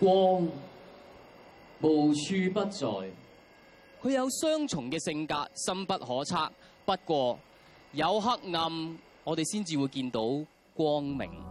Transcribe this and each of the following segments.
光無處不在，佢有雙重嘅性格，深不可測，不過有黑暗，我哋先至會見到光明。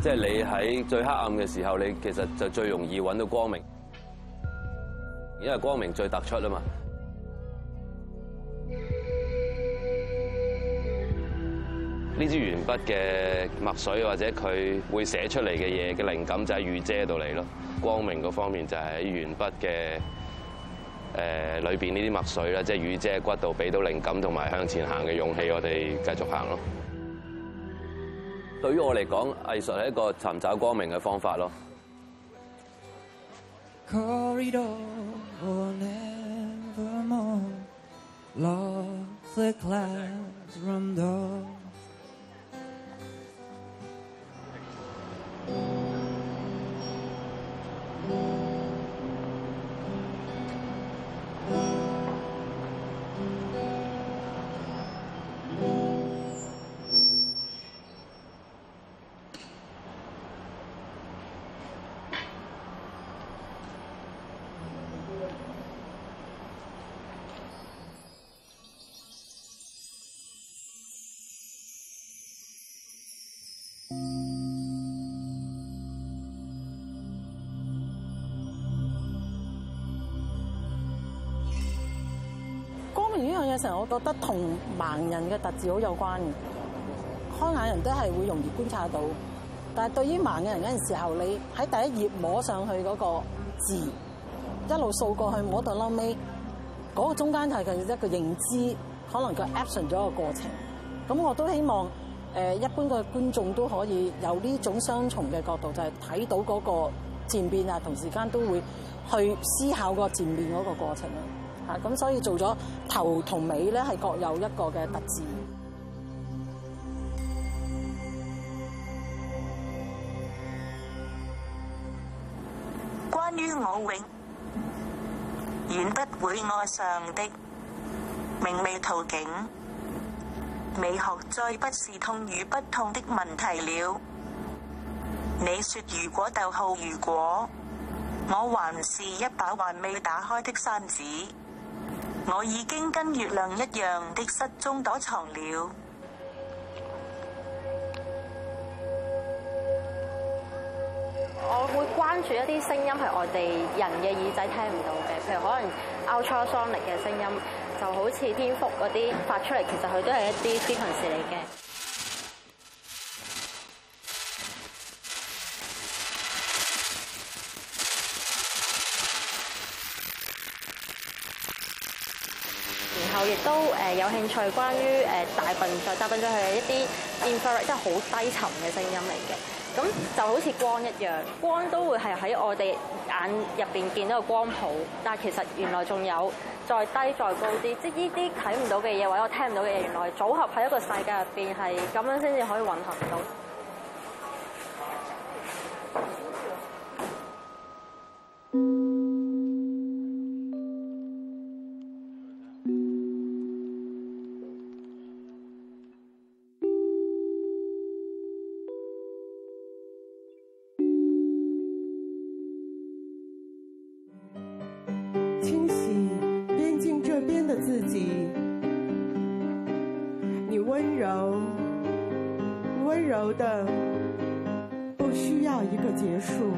即係你喺最黑暗嘅時候，你其實就最容易揾到光明，因為光明最突出啊嘛。呢支鉛筆嘅墨水或者佢會寫出嚟嘅嘢嘅靈感就係雨遮到嚟咯。光明嗰方面就係喺鉛筆嘅誒裏邊呢啲墨水啦，即係雨遮骨度俾到靈感同埋向前行嘅勇氣，我哋繼續行咯。對於我嚟講，藝術係一個尋找光明嘅方法咯。呢樣嘢成日我覺得同盲人嘅特質好有關嘅，開眼人都係會容易觀察到，但係對於盲嘅人嗰陣時候，你喺第一頁摸上去嗰個字，一路掃過去摸到落尾，嗰、那個中間就係佢一個認知，可能佢 action 咗個過程。咁我都希望誒、呃、一般嘅觀眾都可以有呢種雙重嘅角度，就係、是、睇到嗰個漸變啊，同時間都會去思考個漸變嗰個過程咯。咁所以做咗頭同尾呢，係各有一個嘅特質。關於我永遠不會愛上的明媚途徑，美學再不是痛與不痛的問題了。你說如果逗號如果，我還是一把還未打開的扇子。我已經跟月亮一樣的失蹤躲藏了。我會關注一啲聲音係外地人嘅耳仔聽唔到嘅，譬如可能 ultrasonic 嘅聲音，就好似蝙蝠嗰啲發出嚟，其實佢都係一啲低頻聲嚟嘅。有興趣關於誒大笨象、大笨象佢一啲 infrared，即係好低沉嘅聲音嚟嘅。咁就好似光一樣，光都會係喺我哋眼入邊見到個光譜，但係其實原來仲有再低、再高啲，即係呢啲睇唔到嘅嘢或者我聽唔到嘅嘢，原來組合喺一個世界入邊係咁樣先至可以運行到。邊的自己，你溫柔，溫柔的，不需要一個結束。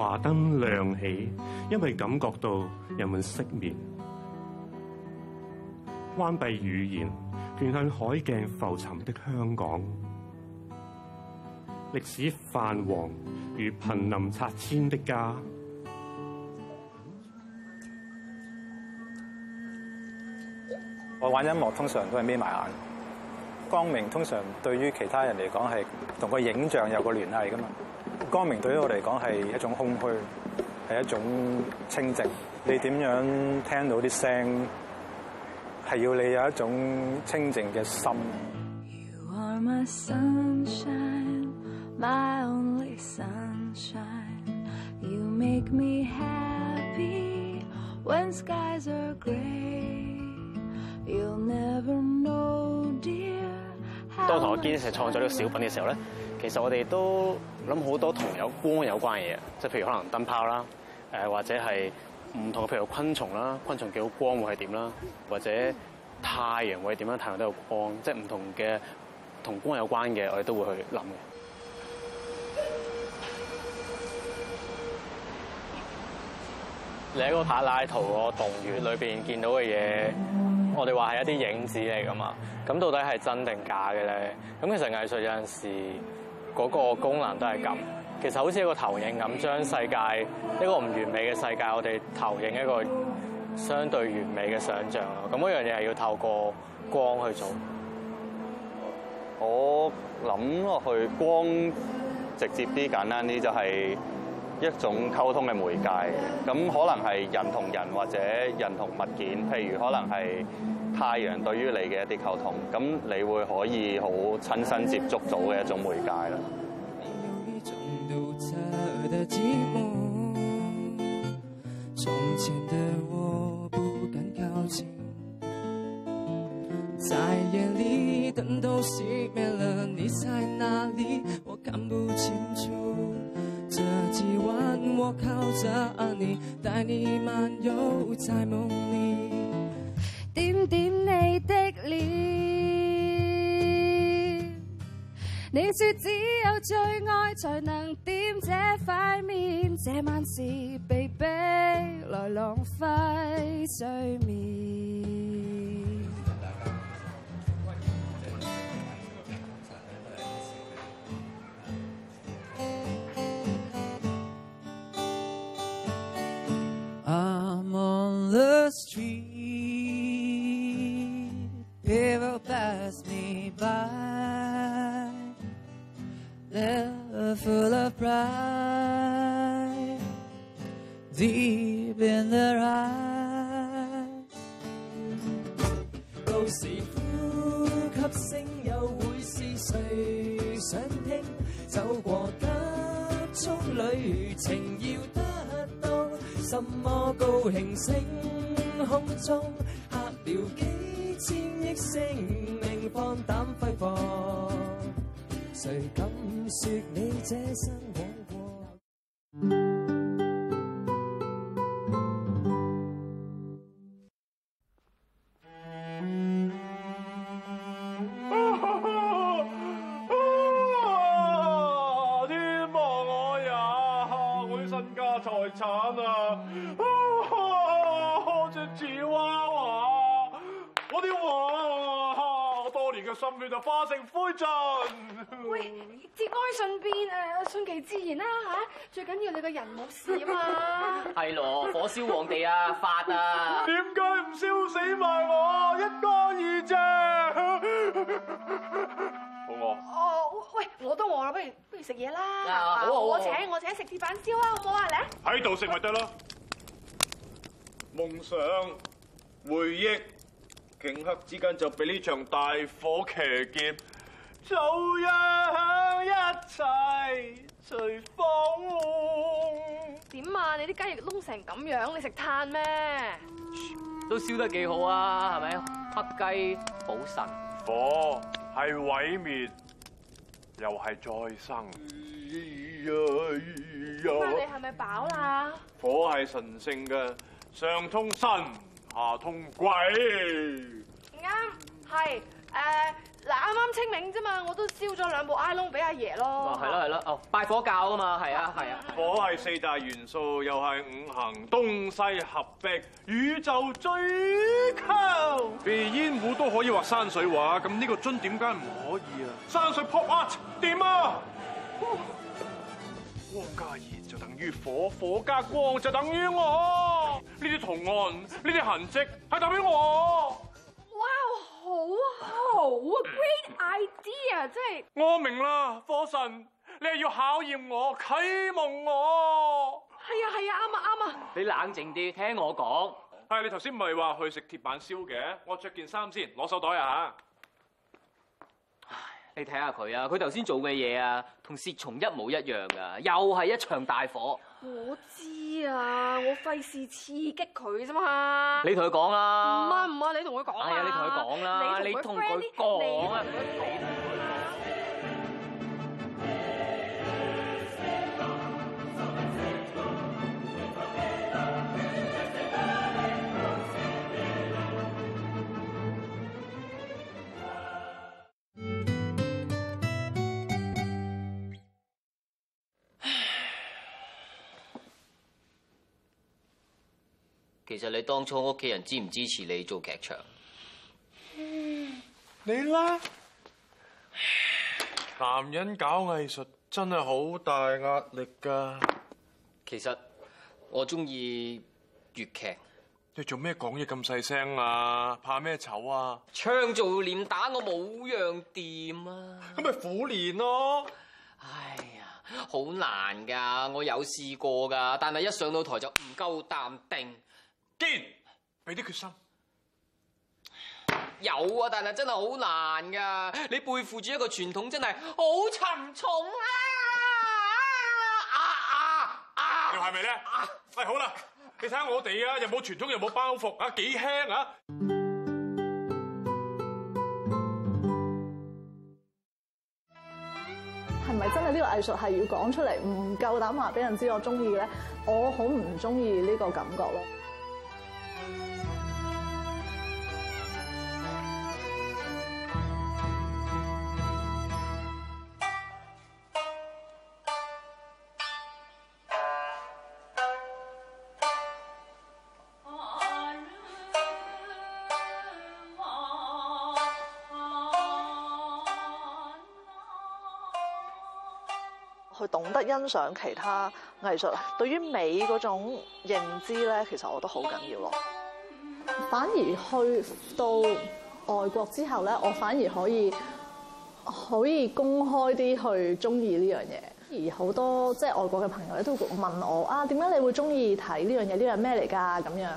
華燈亮起，因為感覺到人們失眠，關閉語言，面向海鏡浮沉的香港，歷史泛黃如瀕臨拆遷的家。我玩音樂通常都係眯埋眼，光明通常對於其他人嚟講係同個影像有個聯繫㗎嘛。光明對於我嚟講係一種空虛，係一種清靜。你點樣聽到啲聲？係要你有一種清靜嘅心。當同我堅持創作呢個小品嘅時候咧，其實我哋都～諗好多同有光有關嘅嘢，即係譬如可能燈泡啦，誒或者係唔同嘅，譬如昆蟲啦，昆蟲見到光會係點啦，或者太陽會點樣，太陽都有光，即係唔同嘅同光有關嘅，我哋都會去諗嘅。你喺個柏拉圖個洞穴裏邊見到嘅嘢，我哋話係一啲影子嚟㗎嘛？咁到底係真定假嘅咧？咁其實藝術有陣時嗰個功能都係咁，其實好似一個投影咁，將世界一個唔完美嘅世界，我哋投影一個相對完美嘅想像咯。咁嗰樣嘢係要透過光去做。我諗落去光直接啲、簡單啲就係、是，一種溝通嘅媒介，咁可能係人同人或者人同物件，譬如可能係太陽對於你嘅一啲溝通，咁你會可以好親身接觸到嘅一種媒介啦。這夜晚我靠着你，帶你漫遊在夢裏，點點你的臉。你說只有最愛才能點這塊面，這晚是被逼來浪費睡眠。走過急促旅程，要得到什麼？高興星空中，嚇了幾千億生命，放膽揮霍，誰敢說你這生活？連嘅心血就化成灰燼。喂，節哀順變，誒，順其自然啦、啊、吓。最緊要你個人冇事啊嘛。係咯， 火燒旺地啊，發啊。點解唔燒死埋我、啊？一乾二淨。 好餓餓。哦，喂，我都餓啦，不如不如食嘢啦。好，好我請，我請食鐵板燒啊，好唔好啊？嚟。喺度食咪得咯。夢 想，回憶。頃刻之間就被呢場大火騎劫，就讓一切隨風。點啊？你啲雞翼燶成咁樣，你食炭咩？都燒得幾好啊，係咪？黑雞補腎。火係毀滅，又係再生。但係你係咪飽啦？火係神聖嘅，上通神，下通鬼。啱係，誒嗱，啱啱清明啫嘛，我都燒咗兩部 iPhone 俾阿爺咯。係啦係啦，哦，拜火教啊嘛，係啊係啊。火係四大元素，又係五行，東西合璧，宇宙最高。鼻煙壺都可以畫山水畫，咁呢個樽點解唔可以啊？山水 pop art 點啊？光加熱就等於火，火加光就等於我。呢啲圖案，呢啲痕跡係代表我。哇，wow，好啊好啊，great idea！真係。我明啦，火神，你係要考驗我，啟蒙我。係啊係啊，啱啊啱啊！啊啊你冷靜啲，聽我講。係你頭先唔係話去食鐵板燒嘅？我着件衫先，攞手袋啊嚇。你睇下佢啊，佢頭先做嘅嘢啊，同薛松一模一樣噶，啊，又係一場大火。我知啊，我費事刺激佢啫嘛。你同佢講啊，唔啱唔啱，啊，你同佢講啦。啊，你同佢講啦。你同佢講啊。其實你當初屋企人支唔支持你做劇場？你啦，男人搞藝術真係好大壓力噶。其實我中意粵劇。你做咩講嘢咁細聲啊？怕咩醜啊？唱做念打我冇樣掂啊！咁咪苦練咯、啊。哎呀，好難噶，我有試過噶，但係一上到台就唔夠淡定。堅，俾啲決心。有啊，但係真係好難噶。你背負住一個傳統，真係好沉重啊！啊啊啊！又係咪咧？喂，好啦，你睇下我哋啊，又冇傳統，又冇包袱啊，幾輕啊？係咪真係呢個藝術係要講出嚟？唔夠膽話俾人知我中意嘅咧？我好唔中意呢個感覺咯。去懂得欣賞其他藝術，對於美嗰種認知咧，其實我覺得好緊要咯。反而去到外國之後咧，我反而可以可以公開啲去中意呢樣嘢。而好多即係外國嘅朋友咧，都會問我啊，點解你會中意睇呢樣嘢？呢樣咩嚟噶？咁樣，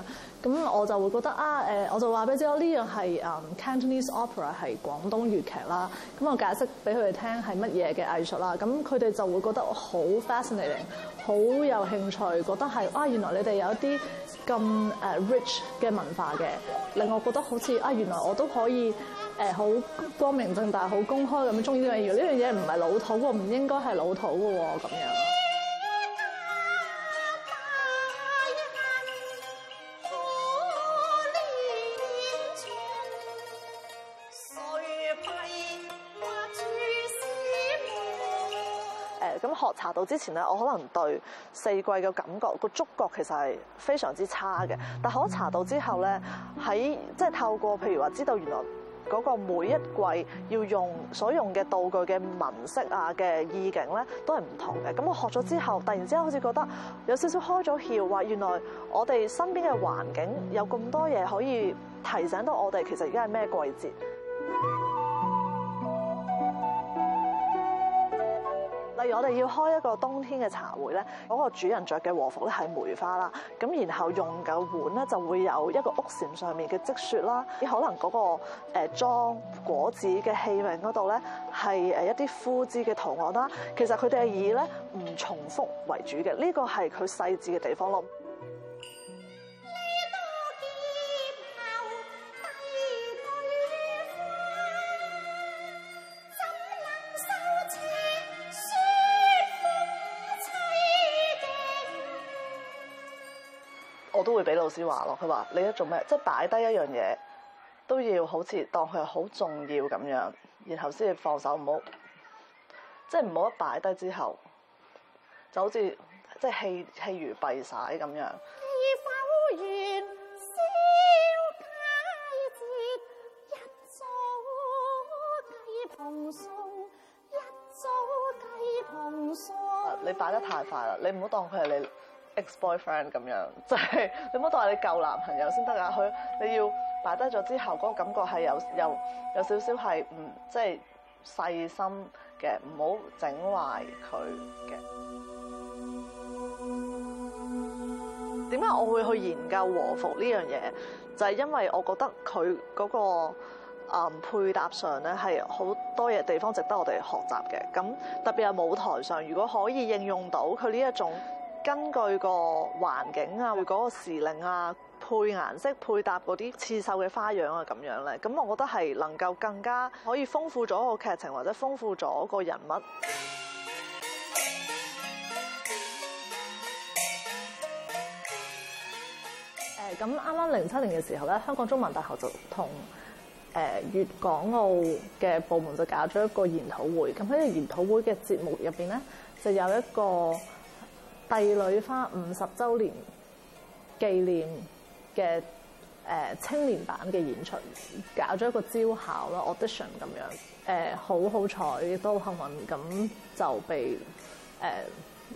咁我就會覺得啊，誒，我就話俾佢知咯，呢樣係誒、um, Cantonese opera，係廣東粵劇啦。咁我解釋俾佢哋聽係乜嘢嘅藝術啦。咁佢哋就會覺得好 fascinating，好有興趣，覺得係啊，原來你哋有一啲咁誒 rich 嘅文化嘅，令我覺得好似啊，原來我都可以。誒好光明正大、好公開咁鍾意呢樣嘢，呢樣嘢唔係老土喎，唔應該係老土嘅喎，咁樣誒咁學茶道之前咧，我可能對四季嘅感覺個觸覺其實係非常之差嘅，但係我茶道之後咧，喺即係透過譬如話知道原來嗰個每一季要用所用嘅道具嘅紋飾啊嘅意境咧，都係唔同嘅。咁我學咗之後，突然之間好似覺得有少少開咗竅，話原來我哋身邊嘅環境有咁多嘢可以提醒到我哋，其實而家係咩季節。我哋要開一個冬天嘅茶會咧，嗰個主人着嘅和服咧係梅花啦，咁然後用嘅碗咧就會有一個屋簷上面嘅積雪啦，啲可能嗰個誒裝果子嘅器皿嗰度咧係誒一啲枯枝嘅圖案啦，其實佢哋係以咧唔重複為主嘅，呢個係佢細緻嘅地方咯。會俾老師話咯，佢話你一做咩？即係擺低一樣嘢，都要好似當佢係好重要咁樣，然後先至放手，唔好即係唔好一擺低之後，就好似即係棄棄如敝屣咁樣 你擺得太快啦，你唔好當佢係你。ex boyfriend 咁樣，即係你唔好當係你舊男朋友先得啊！佢你要擺低咗之後，嗰個感覺係有有有少少係唔即係細心嘅，唔好整壞佢嘅。點解我會去研究和服呢樣嘢？就係因為我覺得佢嗰個啊配搭上咧，係好多嘢地方值得我哋學習嘅。咁特別係舞台上，如果可以應用到佢呢一種。根據個環境啊，嗰個時令啊，配顏色、配搭嗰啲刺繡嘅花樣啊，咁樣咧，咁我覺得係能夠更加可以豐富咗個劇情，或者豐富咗個人物。誒、呃，咁啱啱零七年嘅時候咧，香港中文大學就同誒粵港澳嘅部門就搞咗一個研討會。咁喺個研討會嘅節目入邊咧，就有一個。《帝女花》五十周年紀念嘅誒、呃、青年版嘅演出，搞咗一個招考咯，audition 咁樣，誒、 啊，好好彩都幸運咁就被誒、呃、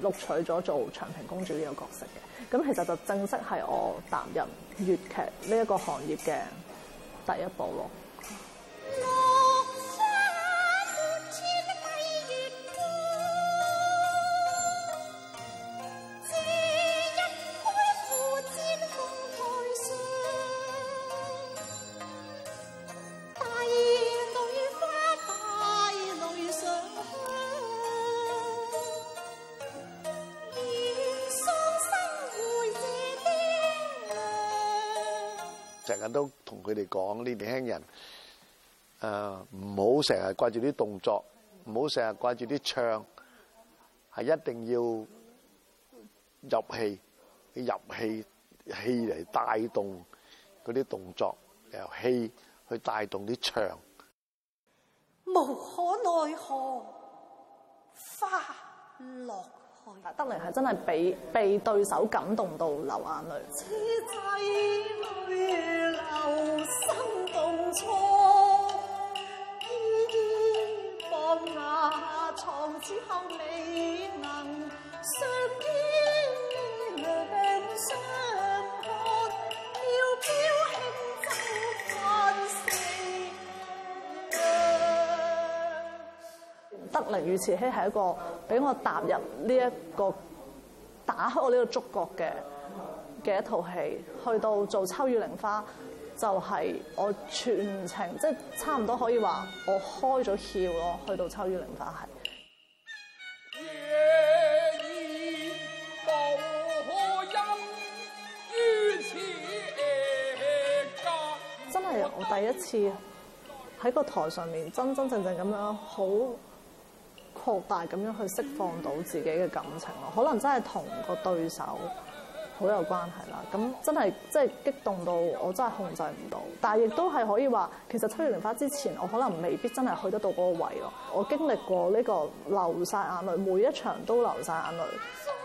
錄取咗做長平公主呢個角色嘅，咁其實就正式係我踏入粵劇呢一個行業嘅第一步咯。成日都同佢哋講啲年輕人誒，唔好成日掛住啲動作，唔好成日掛住啲唱，係一定要入戲入戲，戲嚟帶動啲動作，由戲去帶動啲唱，無可奈何，花落。得嚟係真係俾被對手感動到流眼淚。 凌雨慈禧係一個俾我踏入呢一個打開我呢個觸角嘅嘅一套戲，去到做秋雨凌花就係我全程即係差唔多可以話我開咗竅咯，去到秋雨凌花係真係我第一次喺個台上面真真正正咁樣好。擴大咁樣去釋放到自己嘅感情咯，可能真係同個對手好有關係啦。咁真係即係激動到我真係控制唔到，但係亦都係可以話，其實出完蓮花之前，我可能未必真係去得到嗰個位咯。我經歷過呢個流晒眼淚，每一場都流晒眼淚。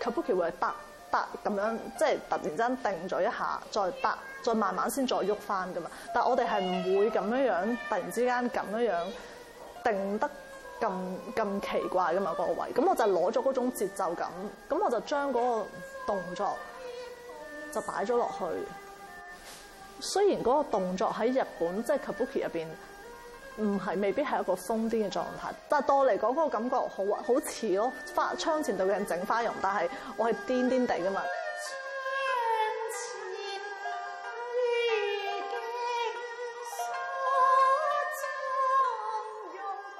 Kabuki 會係突突咁樣，即係突然之間定咗一下，再突，再慢慢先再喐翻噶嘛。但係我哋係唔會咁樣樣，突然之間咁樣樣定得咁咁奇怪噶嘛、個位。咁我就攞咗嗰種節奏感，咁我就將嗰個動作就擺咗落去。雖然嗰個動作喺日本即係 Kabuki 入邊。唔係，未必係一個瘋癲嘅狀態。但係到我嚟講嗰個感覺好，好似咯花窗前度嘅人整花容，但係我係癲癲哋噶嘛。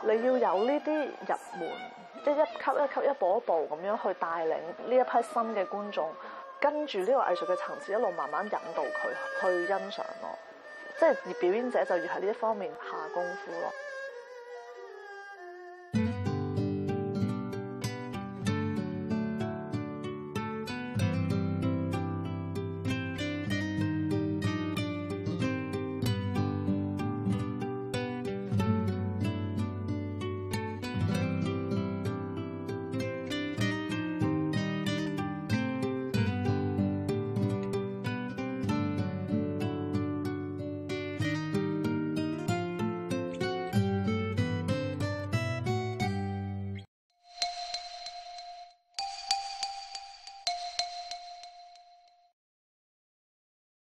你要有呢啲入門，即係一級一級一,一步一步咁樣去帶領呢一批新嘅觀眾，跟住呢個藝術嘅層次一路慢慢引導佢去欣賞咯。即係，而表演者就要喺呢一方面下功夫咯。